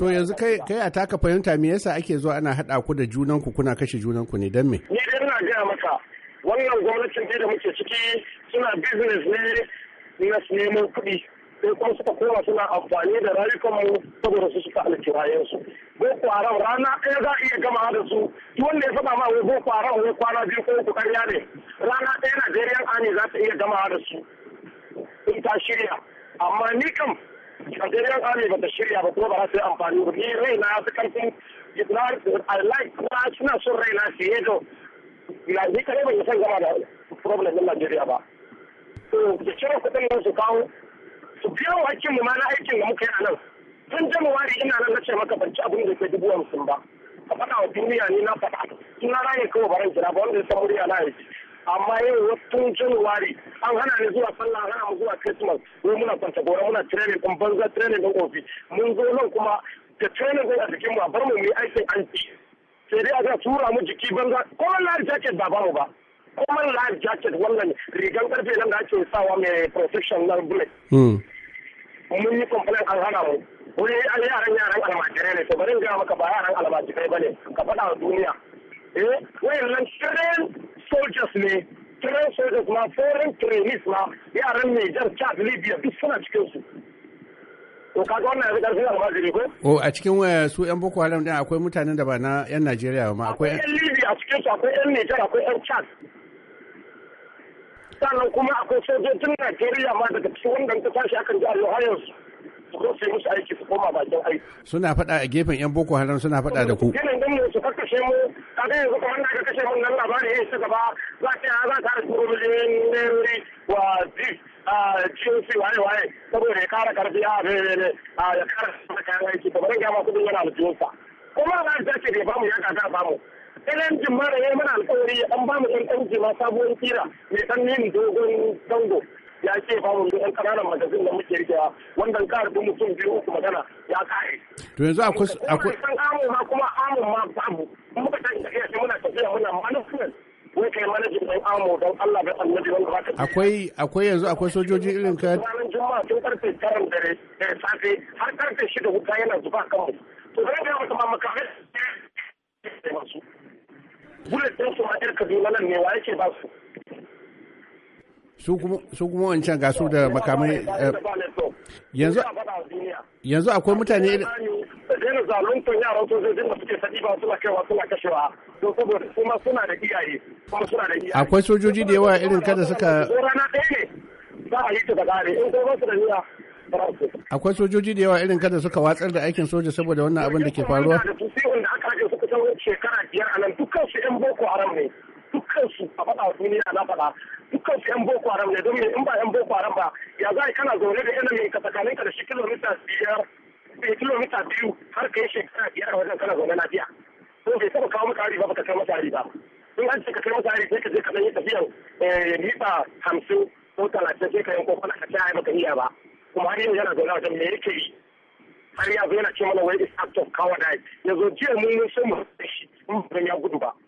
To yanzu kai a taka fahimta me yasa ake zuwa ana haɗa ku da junanku kuna kashe junanku ne dan me? Ni dai ina gaya maka wannan gwamnatin da muke ciki suna business ne na neman kuɗi sai kuma suka koma suna amfani da rayukanmu saboda su suka halitta su Boko Haram rana ɗaya za a iya gama da su duk wanda ya faɗa ma wai Boko Haram wai kwana biyu ko uku ƙarya ne rana ɗaya Najeriya Ani za ta iya gama da su. In ta shirya amma ni kam Nigerian Army ba ta shirya ba ko ba za su yi amfani ba. Ni raina su karfin I like kuma suna son raina su yi to. Ni kare ban san zama da problem na Najeriya ba. To da cire kuɗin nan su kawo su hakkin mu ma na aikin da muka yi a nan. Tun Januwari ina nan na ce maka ban ci abin da ke dubu hamsin ba. Ka faɗa wa duniya ni na faɗa. Ina raye kawai baran jira ba wanda ya san murya na yake. amma yin tun januwari an hana ni zuwa sallah hana mu zuwa christmas mu muna kwanta gora muna training kuma banza training din ofi mun zo nan kuma da training din a jikin mu a bar mu mu yi aikin anti sai dai aka tura mu jiki banza ko life jacket ba bamu ba kuma life jacket wannan rigan karfe nan da ake sawa mai protection na bullet hmm. mun yi complain an hana mu wani yaran yaran almajirai ne to bari in gaya maka ba yaran almajirai ba ne ka faɗa wa duniya eh wayan nan train force e e? e, ne foreign soldiers ma foreign trainees ma yaran Niger Chad Libya duk suna cikin su to kaga wannan na maziri ko a cikin su yan Boko Haram din akwai mutanen da ba na yan Najeriya ma akwai yan Libya a cikin su akwai yan Niger akwai yan Chad sannan kuma akwai sojojin Najeriya ma daga cikin wanda ta tashi akan jihar yanzu. zo su musu aiki su koma bakin aiki. Suna faɗa a gefen 'yan Boko Haram suna faɗa da ku. Yanayin don su karkashe mu, kaga yanzu kamar na kashe mun nan labarin yin eh, su gaba za ta za ta har turo miliyoyin nairori wa zif GOC waye waye saboda ya kara karfi a bebele a ya kara kayan aiki kamar yadda ma kudin yana aljihunsa. Kuma za ta ce bai bamu ya kakar bamu. Ɗan jimma da ya mana alƙawari an bamu ɗan ɗan jima sabuwar kira mai ɗan yin dogon dango. ya ce babu mu ɗan ƙananan magazin da muke rikewa wannan ka rubu mutum biyu uku magana ya kare. To yanzu akwai akwai. San amun ma kuma amun ma babu muka shi muna tafiya muna management wai kai manajin ɗan amu don Allah da annabi wanda baka akwai akwai yanzu akwai sojoji irin ka ranar juma'a tun karfe 9 dare da safe har karfe 6 wuta yana zuba kan mu to zan ga mutum amma ne bullet din su ma irka zuwa nan ne wa yake ba su su kuma wancan ga su da makamai yanzu akwai mutane yaran da suke sadi ba akwai sojoji da yawa irin kada suka rana da akwai sojoji da yawa irin kada suka watsar da aikin soja saboda wannan abin da ke faruwa da aka suka shekara biyar a nan dukkan yan boko haram ne dukkansu a faɗa duniya na faɗa dukkan su yan boko haram ne don in ba yan boko haram ba ya za kana zaune da yanayin ka tsakanin ka da shi kilomita biyar eh, kilomita biyu har ka yi shekara biyar wajen kana zaune lafiya ko bai taɓa kawo maka hari ba baka kai masa hari ba in an ce ka kai masa hari sai ka je ka ɗan yi tafiyan mita eh, hamsin ko talatin sai ka yanko kwana ka ta maka iya ba kuma har yanzu yana zaune wajen me yake yi har ya zo yana ce mana wai is act of cowardice ya zo jiya mun yi sun mu shi in ya gudu ba